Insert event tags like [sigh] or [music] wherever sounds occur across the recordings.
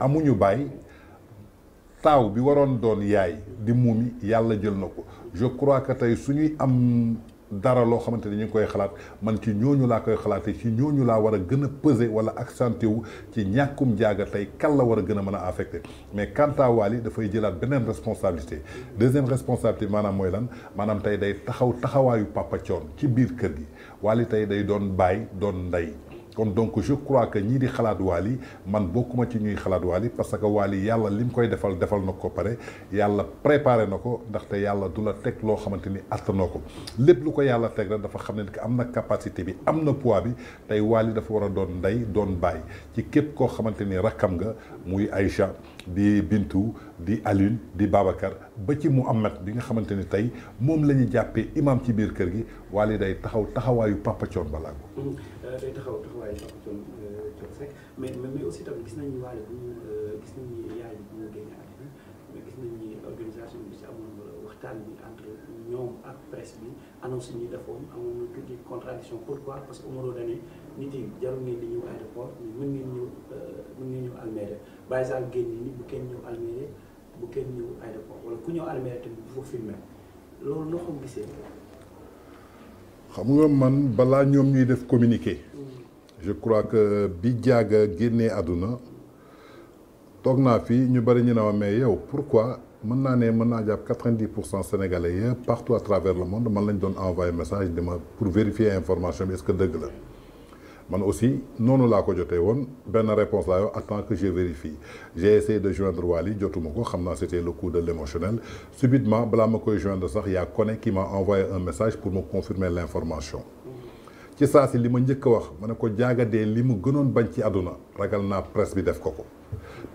amuñu baay taaw bi waroon doon yaay di muumi yàlla jël na ko je crois que tey suñuy am dara loo xamante ni ñu ngi koy xalaat man ci ñooñu laa koy xalaat xalaatee ci ñooñu laa war a gën a peser wala accenté wu ci ñàkkum jaaga tey kan la war a gën a mën a affecté mais quant à dafay jëlaat beneen responsabilité deuxième responsabilité maanaam mooy lan maanaam tey day taxaw taxawaayu Papa Thione ci biir kër gi Wally tey day doon baay doon ndey kon donc je crois que ñii di xalaat Wally man bokkuma ci ñuy xalaat Wally parce que Wally yàlla li mu koy defal defal na ko pare yàlla préparer na ko ndaxte yàlla du la teg loo xamante ni attanoo ko lépp lu ko yàlla teg rek dafa xam ne que am na capacité bi am na pois bi tey Wally dafa war a doon ndey doon bàyyi ci képp koo xamante ni rakkam nga muy Aïcha di Bintu di Alioune di Babacar ba ci Mouhamed bi nga xamante ni tey moom la ñu jàppee imam ci biir kër gi Wally day taxaw taxawaayu Papa Thione Ballago mm-hmm. day taxaw taxawaay yi Papa Thione mais mais aussi tamit gis nañu waale bu ñu gis nañu yaay bu ñu génne àddina mais gis nañu organisation bi ci amoon waxtaan bi entre ñoom ak presse bi annonce ñu defoon amoon na tuuti contradiction pourquoi parce que Omaro dañu nit yi jarul ngeen di ñëw aéroport mais mën ngeen ñëw mën ngeen ñëw Almere Baye Sall génn ni bu kenn ñëw Almere bu kenn ñëw aéroport wala ku ñëw Almere tamit bu fa filmé loolu loo xam gisee. xam nga man balaa ñoom ñuy def communiqué je crois que bi jaaga génnee àdduna toog naa fi ñu bëri ñu ne ma mais yow pourquoi mën naa ne mën naa jàpp pour cent sénégalais yëpp partout à travers le monde man lañ doon envoyé message di ma pour vérifier information bi est-ce que dëgg la man aussi noonu laa ko jotee woon benn réponse là, yoo attends que je vérifie j'ai essayé de joindre Wali, jotuma ko c'était le coup de l'émotionnel subitement blâme ma koy joindre sax a Koné qui m'a envoyé un message pour me confirmer l'information ci saa si li ma njëkk a wax ma ne ko jaagadee li mu gënoon bañ ci àdduna ragal naa presse bi def ko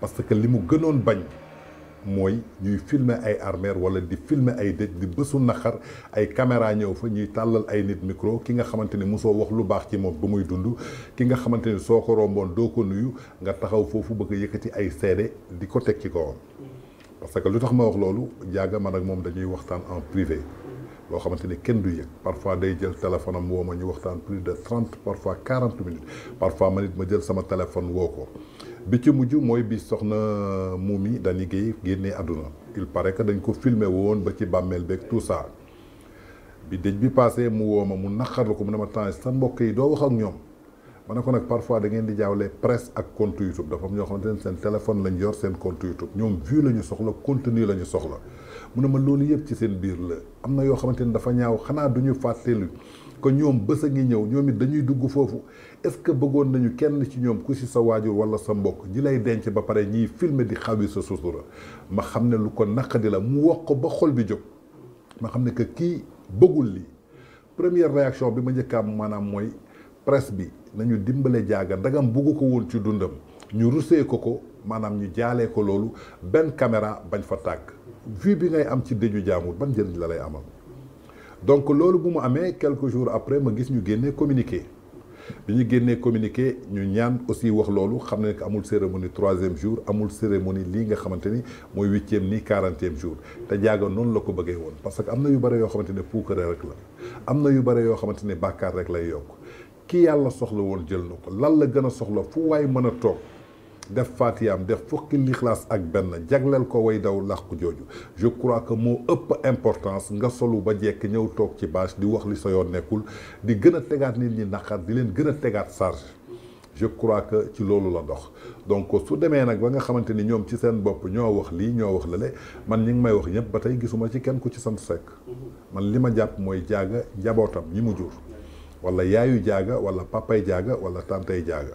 parce que li mu bañ mooy ñuy filmer ay armeer wala di filmer ay dëj di bésu naqar ay caméra ñëw fa ñuy tàllal ay nit micro ki nga xamante ni mosoo wax lu baax ci moom ba muy dund ki nga xamante ni soo ko romboon doo ko nuyu nga taxaw foofu bëgg a yëkkati ay seede di ko teg ci kawam parce que lu tax ma wax loolu jàgga man ak moom dañuy waxtaan en privé loo xamante ni kenn du yëg parfois day jël téléphone am woo ma ñu waxtaan plus de trente parfois quarante minutes parfois man it ma jël sama téléphone woo ko bi ci mujj mooy bii soxna Momy Dany Guèye génnee àdduna il pare que dañ ko filmer woon ba ci bàmmeel beeg tout ça bi dëj bi passé mu woo ma mu naqarlu ko mu ne ma temps sa mbokk yi doo wax ak ñoom ma ne ko nag parfois da ngeen di jaawle presse ak compte YouTube dafa am ñoo xamante ne seen téléphone lañu yor seen compte YouTube ñoom vue la ñu soxla contenu la ñu soxla mu ne ma loolu yëpp ci seen biir la am na yoo xamante ne dafa ñaaw xanaa du ñu fàtteelu que ñoom bës a ngi ñëw ñoom it dañuy dugg foofu est-ce que bëggoon nañu kenn ci ñoom ku si sa waajur walla sa mbokk ñi lay denc ba pare ñii filmer di xawi sa sutura ma xam ne lu ko naqadi la mu wax ko ba xol bi jóg ma xam ne que kii bëggul li première réaction bi ma njëkk am maanaam mooy presse bi nañu dimbale jaaga ndagam bugg ko woon ci dundam ñu rusee ko ko maanaam ñu jaalee ko loolu benn caméra bañ fa tàkk vue bi ngay am ci dëju jaamur ban njëriñ la lay amal donc quelques jours après ma gis ñu génné communiqué bi ñu ñu aussi wax xamné que amul cérémonie troisième jour amul cérémonie li nga xamanteni ni 8ème ni jour que jaaga non la ko parce que amna yu bari yo xamanteni ne rek la que yu bari yo xamanteni ne rek lay ki soxla jël lan la def faatiyaam def fukki lixlaas ak benn jagleel ko way daw làqu jooju je crois que moo ëpp importance nga solu ba jekk ñëw toog ci bâche di wax li sa yoon nekkul di gën a tegaat nit ñi naqar di leen gën a tegaat charge je crois que ci loolu la dox donc su demee nag ba nga xamante ni ñoom ci seen bopp ñoo wax lii ñoo wax lale man ñi ngi may wax ñëpp ba tey gisuma ci kenn ku ci sant sekk man li ma jàpp mooy jaaga njabootam ñi mu jur wala yaayu jaaga wala papay jaaga wala tantay jaaga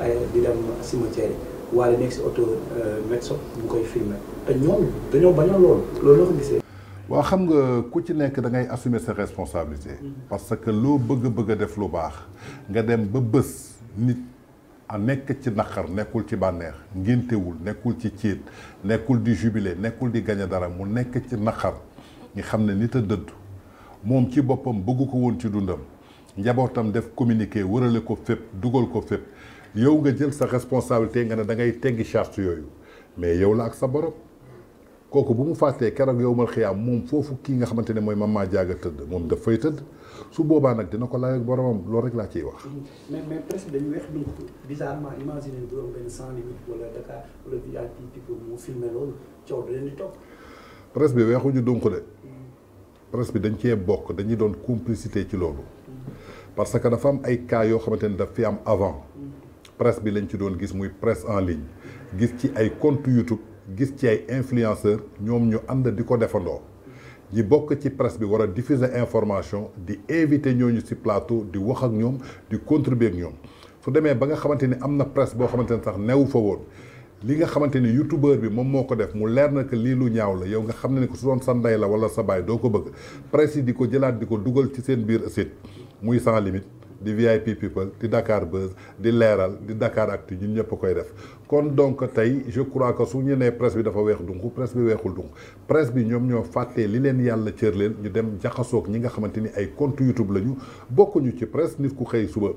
ay di dem cimetière yi waaye nekk auto oto euh, Metso ñu koy filmer te ñoom dañoo bañoo lool loolu loo ko gisee. wa xam nga ku ci nekk da ngay assumer sa responsabilité. Mm. parce que loo bëgg bëgg def lu baax nga dem ba bés nit. a nekk ci naqar nekkul ci bànneex ngéntewul nekkul ci ciit nekkul di jubilé nekkul di gañe dara mu nekk ci naqar ñi xam ne nit a dëdd moom ci boppam bëgg ko woon ci dundam njabootam def communiqué wërale ko fépp dugal ko fépp yow nga jël sa responsabilité nga ne da ngay teggi charte yooyu mais yow la ak sa borom kooku bu mu fàttee keroog yow mal xiyaam moom foofu kii nga xamante ne mooy maman jaaga tëdd moom daf fay tëdd su boobaa nag dina ko laaj ak boromam loolu rek laa ciy wax. mais mais presque dañu weex donc bizarrement imaginer bu doon benn sans limite wala Dakar wala VIP people moo filmé loolu coow da leen di topp. presse bi weexuñu donc de presse bi dañ cee bokk dañuy doon complicité ci loolu parce que dafa am ay cas yoo xamante ne daf fi am avant. presse bi lañ ci doon gis muy presse en ligne gis ci ay compte YouTube gis ci ay influenceur, nous ñu ànd di ko defandoo ñi bokk ci presse bi war a diffuser information di invité ñooñu ci plateau di wax ak ñoom di contribuer ak nous. su demee ba nga xamante amener presse boo xamante ne sax newu fa woon li nga xamante youtubeur bi moom moo ko def mu leer na que lii lu ñaaw la yow nga xam ne ne ko su doon la wala sa baay doo ko bëgg presse yi di ko jëlaat di ko dugal ci seen site muy sans limite di VIP People di Dakar Buzz di Leeral di Dakar Actu ñun ñëpp koy def kon donc tey je crois que su ñu presse bi dafa weex dungu presse bi weexul dungu presse bi ñoom ñoo fàttee li leen yàlla cër leen ñu dem jaxasoog ñi nga xamante ni ay compte YouTube la ñu bokkuñu ci presse nit ku xëy suba.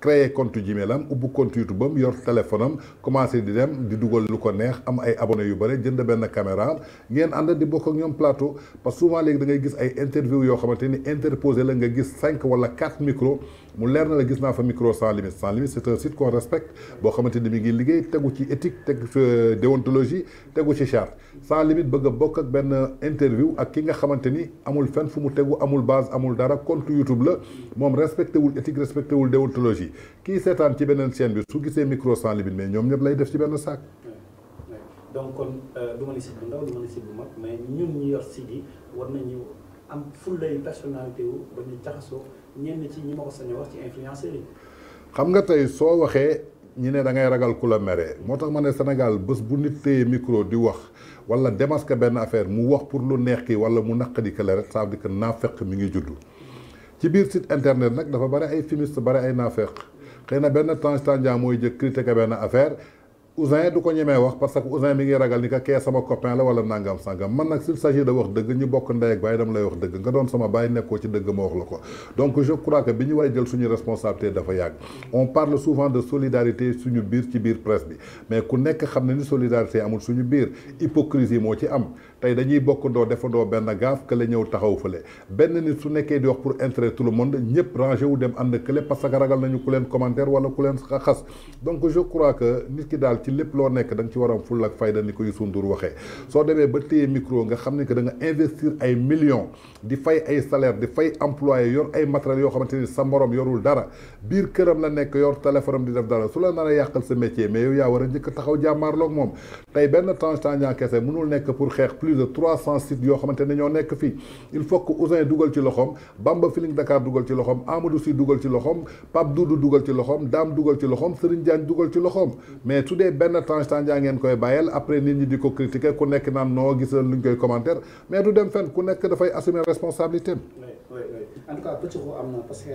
créer compte Gmail am ubbi compte YouTube bam yor téléphone am commencé di dem di dugal lu ko neex am ay abonné yu bëri jënd benn caméra ngeen ànd di bokk ak plateau parce souvent léegi da ngay gis ay interview yoo xamante ni interposé la nga gis cinq wala quatre micro mu leer na la gis naa fa micro sans limite sans limite c'est un site qu'on respecte boo xamante ni mi ngi liggéey tegu ci éthique tegu ci euh, tegu ci charte sans limite bëgg a bokk ak benn interview ak ki nga xamante ni amul fenn fu mu tegu amul base amul dara compte YouTube la moom respecté wul éthique respecté wul kii seetaan ci beneen chaîne bi su gisee micro sans limite mais ñoom ñëpp lay def ci benn saak. donc kon euh, du ma la site bu ndaw du ma la ñenn xam nga tey soo waxee ñi ne dangay ragal ku la mere moo tax ma ne Sénégal bés bu nit téye micro di wax wala démasqué benn affaire mu wax pour lu neex ki wala mu naqadi kële rek ça veut dire que mi ngi juddu. ci biir site internet nag dafa bari ay fumiste bari ay naafeq xëy na benn temps tànja mooy jëkk critiquer benn affaire. Ousin du ko ñemee wax parce que Ousin mi ngi ragal ni que kee sama copain la wala nangam sangam man nag s'il s'agit de wax dëgg ñu bokk ndey ak baay dama lay wax dëgg nga doon sama baay nekkoo ci dëgg ma wax la ko donc je crois que bi ñu war a jël suñu responsabilité dafa yàgg on parle souvent de solidarité suñu biir ci biir presse bi mais ku nekk xam ne ni solidarité amul suñu biir hypocrisie moo ci am tey dañuy bokkandoo defandoo benn gaaf kële ñëw taxaw fële benn nit su nekkee di wax pour intérêt tout le monde ñëpp rangé wu dem ànd kële parce nañu ku leen commentaire wala ku leen xas donc je crois que nit ki daal ci lépp loo nekk da nga ci war a am fulla ak fayda ni ko Youssou Ndour waxee soo demee ba téye micro nga xam ne que da investir ay millions di fay ay salaire di fay employé yor ay matériels yoo xamante ni sa morom yorul dara biir këram la nekk yor téléphone di def dara su la nar a yàqal sa métier mais yow yaa war plus de 300 sites yo xamante ñoo nekk fi il faut que Ousin dougal ci loxom Bamba Feeling Dakar dougal ci loxom Amadou Sy dougal ci loxom Pape Doudou dougal ci loxom Dam dougal ci loxom Serigne Diagne dougal ci loxom mais su dee benn Tange Tandian ngeen koy bayel après nit ñi di ko critiquer ku nekk naan noo gis luñ koy commentaire mais du dem fen ku nekk fay assumer responsabilité en tout cas petit ko amna parce que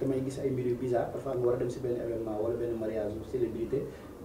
damay gis ay mbir bizarre parfois nga wara dem ci ben événement wala ben mariage célébrité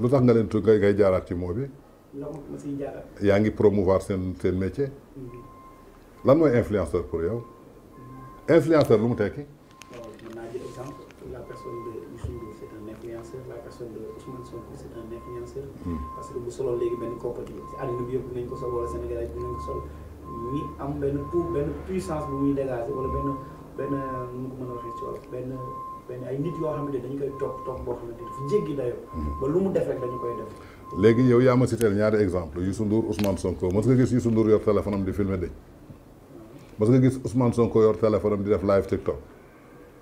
lu tax nga leen tu ngay jaaraat ci moo bi yaa ngi promouvoir seen seen métier mm-hmm. lan mooy influenceur pour yow mm-hmm. influenceur lu mu tekki la personne de Ousmane Sonko c'est un mm. parce que bu solo léegi benn koppati ci àddina bi yëpp dinañ ko sol wala Sénégal dinañ ko sol ñi am benn pour benn puissance bu muy dégager wala benn benn nu mu a waxee ci benn ay nit yoo xamante dañu koy topp topp boo mhm. ba lu mu def rek dañu koy def. léegi yow yaa ma cité ñaari exemple Youssou Ndour Ousmane Sonko mos nga gis Youssou Ndour yor téléphone am di filmer dëj mos nga gis Ousmane Sonko yor téléphone am di def live TikTok.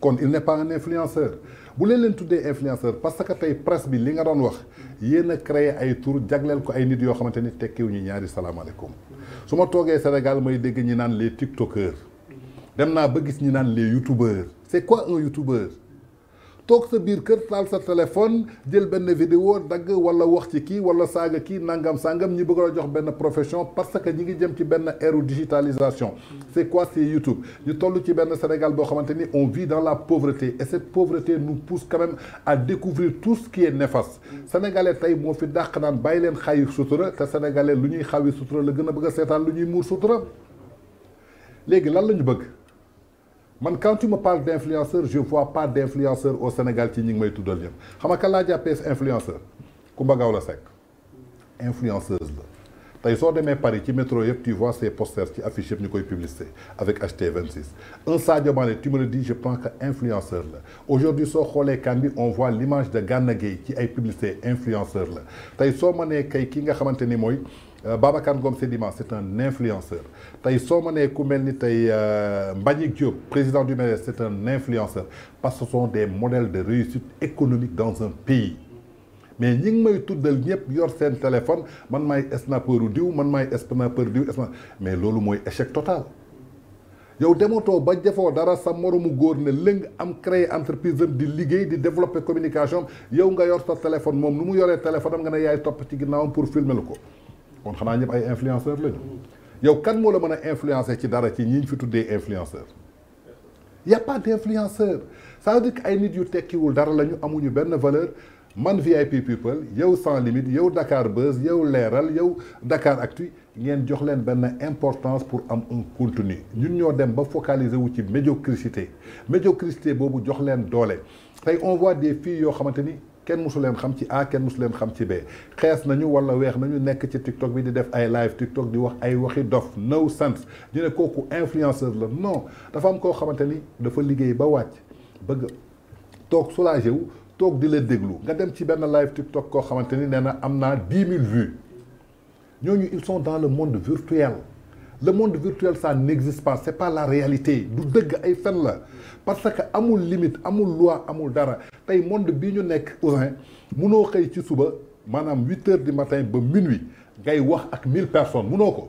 kon il n'est pas un influenceur bu leen leen tuddee influenceur parce que tey presse bi li nga doon wax yéen a créé ay tur jagleel ko ay nit yoo xamante ni tekkiwu ñu ñaari salaamaaleykum su ma toogee Sénégal may dégg ñi naan les tiktokers Demna naa ba gis ñi naan les youtubeurs c'est quoi un youtubeur tok sa biir kër taal sa téléphone jël benn vidéo dagg wala wax ci kii wala saaga kii nangam sangam ñi bëgg a jox benn profession parce que ñi ngi jëm ci benn ère digitalisation. C'est quoi c' est YouTube ñu toll ci benn Sénégal boo xamante ni on vit dans la pauvreté et cette pauvreté nous pousse quand même à découvrir tout ce qui est néfaste. sénégalais tey moo fi dàq naan bàyyi leen xayi sutura te sénégalais lu ñuy xawi sutura la gën a bëgg a seetaan lu ñuy muur sutura léegi lan lañu bëgg quand tu me parles d'influenceur, je ne vois pas d'influenceur au Sénégal ci ne ngi may tuddal ñëpp xam influenceur Kumba influenceuse tey soo demee Paris ci métro tu vois ces posters qui affiche affichés publicité avec HT26 un Sadio tu me le dis je pense que influenceur aujourd'hui sur Kholé Kambi, on voit l'image de Ganagay qui a ay publicité influenceur Si tu soo ma kay ki euh, c'est un influenceur Si tu ma ku mel euh, président du maire, c'est un influenceur parce que ce sont des modèles de réussite économique dans un pays mais ñi ngi may tuddal ñëpp yor seen téléphone man maay snapperu diw man maay snapperu diw mais loolu mooy échec total yow demotoo ba jafoo dara sa moromu góor ne lëng am créer entreprise am di liggéey di développer communication yow nga yor sa téléphone moom lu mu yoree téléphone nga ne yaay topp ci ginnaawam pour filmer lu ko kon xanaa ñëpp ay influenceur lañu yow kan moo la mën a influencer ci dara ci ñi ñu fi tuddee influenceur y a pas d'influenceur ça ay nit yu tekkiwul dara lañu amuñu benn valeur man VIP people yow sans limite yow Dakar Buzz yow Leral, yow Dakar Actu ngeen jox leen benn importance pour am un contenu ñun ñoo dem ba focaliser wu ci médiocrité médiocrité boobu jox leen on voit des filles yoo xamante ni kenn xam A kenn musulman, xam B xees nañu wala weex nañu ci TikTok bi di def ay live TikTok di wax ay dof no sense ñu ne kooku influenceur la non dafa am koo xamante ni ba wàcc bëgg toog wu toog di la déglu nga dem ci benn live TikTok koo xamante ni nee na am naa vues ñooñu ils sont dans le monde virtuel le monde virtuel ça n'existe pas c'est pas la réalité du dëgg ay fen la parce que amul limite amul loi amul dara tey monde bi ñu nekk Ouzin munoo xëy ci suba maanaam 8 heures du matin ba minuit ngay wax ak mille personnes munoo ko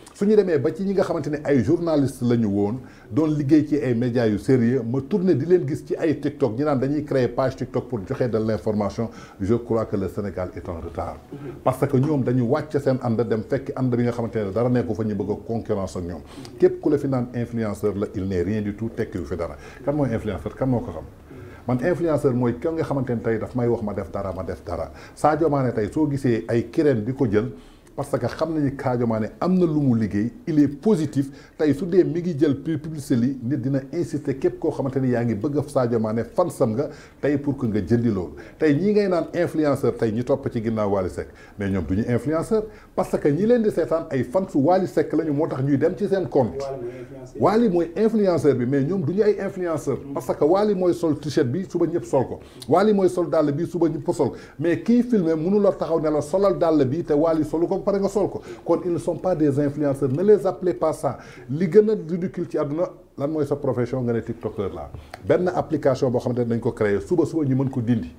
suñu démé ba ci ñi nga xamante ay journaliste lañu woon doon liggéey ci ay médias yu sérieux ma tourner di leen gis ci ay TikTok ñu naan dañuy créer page TikTok pour joxe de l'information je crois que le Sénégal est en retard. parce que ñoom dañu wàcc seen ànd dem fekk ànd bi nga xamanteni dara nekku fa ñu bëgg concurrence ak ñoom. képp ku la fi naan influenceur la il n'est rien du tout tekkiwu fi dara kan mooy influenceur kan moo ko xam. man influenceur mooy ko nga xamanteni ne tey daf may wax ma def dara ma def dara Sadio Mané tey soo gisee ay kireen di ko jël. parce que xam nañu Sadio Mané am na lu mu liggéey il est positif tey su dee mi ngi jël publicité li nit dina insister képp koo xamante yaa ngi bëgg a Sadio nga tey pour que nga jëndi loolu tey ñi ngay naan influenceur tey ñi topp ci ginnaaw Wally Seck mais ñoom du ñu influenceur parce que ñi leen di seetaan ay fansu Wally Seck lañu moo tax ñuy dem ci seen compte Wally mooy influenceur bi mais ñoom du ñu ay influenceur parce que Wally mooy pare nga sol ko kon ils ne sont pas des influenceurs ne les appelez pas ça li gëna ridicule ci aduna lan moy sa profession nga ne tiktoker la ben application bo xamante dañ ko créé suba suba ñu mën ko dindi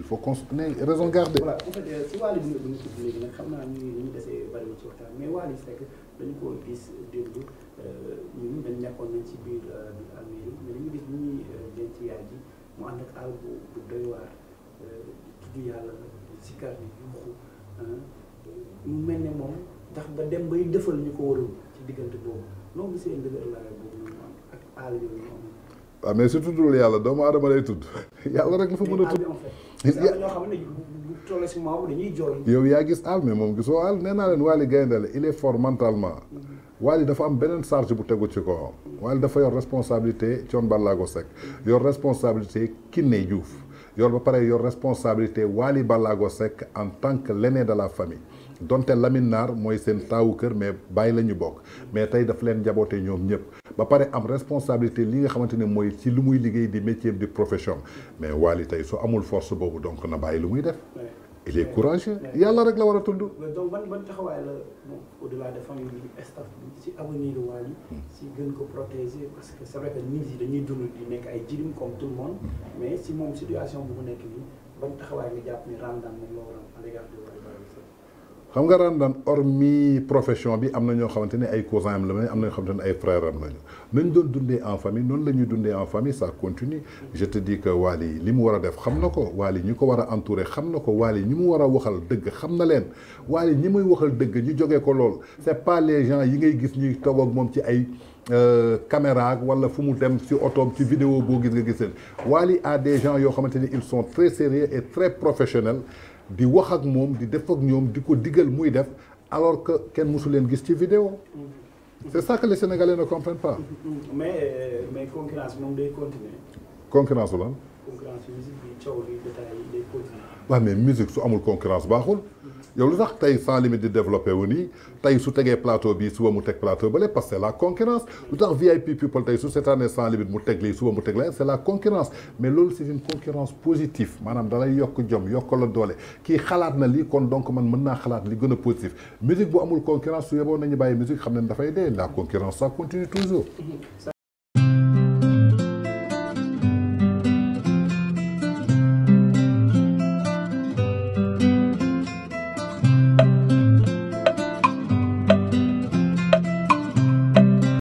il faut qu'on ait raison garder. voilà bu fekkee euh, si Wally bi nga bëgg a tudd xam naa ñu ñu desee bari na ci waxtan mais Wally Seck dañu ko gis euh ñu dañ nekkoon nañ ci biir euh, biir Almere mais dañu gis ñi ñuy euh, denc yaay ji mu and ak àll bu bu doy waar tudd yàlla sikar bi hein mu mel ne moom ndax ba dem bay defal ñu ko waroon ci diggante boobu noo gisee ndëgërlaay boobu ñu am ak mais su tuddul yàlla doomu aadama lay tudd [laughs] yàlla rek la fa mën a tudd. ñoo xam ne yow yaa gis aal mais moom gisoo aal nee naa leen Waly Gaynde la il est fort mentalement. Mhm. Waly dafa am beneen charge bu tegu ci kawam. Waly dafa yor responsabilité coon Ballago Seck yor responsabilité Kiné juuf yor ba pare yor responsabilité Waly Ballago Seck en tant que leneen de la famille. donte laminar moy sen tawu keur mais bay lañu ñu bokk mais tay daf leen jaboté ñom ñep ba paré am responsabilité li nga xamante ne ci lu muy liggéey di métier di profession mais wali tay so amul force bobu donc na bay lu muy def il est courageux yalla rek la wara a tund. donc ban ban taxaway la au delà de famille staff ci avenir wali si gën ko protéger parce que c'est vrai que nit yi dañuy dund di nekk ay jirim comme tout le monde mm. mais si mom situation bu mu nekk ni ban taxaway nga japp ni rendement ni la war à l'égard de Wally xam nga Ramdan hormis profession bi am na ñoo xamante ne ay cousins am am na ñoo xamante ne ay frères am lañu nañ doon dundee en famille noonu la ñuy dundee en famille ça continue je te dis que Wally li mu war a def xam na ko Wally ñi ko war a entouré xam na ko Wally ñi mu war a waxal dëgg xam na leen Wally ñi muy waxal dëgg ñu jógee ko lool c'est pas les gens yi ngay gis ñuy toog ak moom ci ay euh, caméra ak wala fu mu dem ci otoom ci vidéo boo gis nga gis leen Wally a des gens yoo xamante ni ils sont très sérieux et très professionnels di wax ak mom di def ak ñom diko diggal muy def alors que kenn mosu leen gis ci vidéo c'est ça que les Sénégalais ne comprennent pas. mais euh, mais concurrence mom day continuer. concurrence lan. concurrence musique bi coow li détail day continuer. ouais mais musique su amul concurrence baaxul yow lu tax tey Sans Limites di développer wu tay tey su tegee plateau bi suba mu teg plateau bële parce que la concurrence lu VIP people tay su cette année Sans limite mu teg lii suba mu teg la c'est la concurrence mais loolu c'est une concurrence positive da lay yok jom yok la dolé ki xalaat na li kon donc man meuna naa li gën positif musique bu amul concurrence su yeboo nañu baye musique xam da fay dé la concurrence ça continue toujours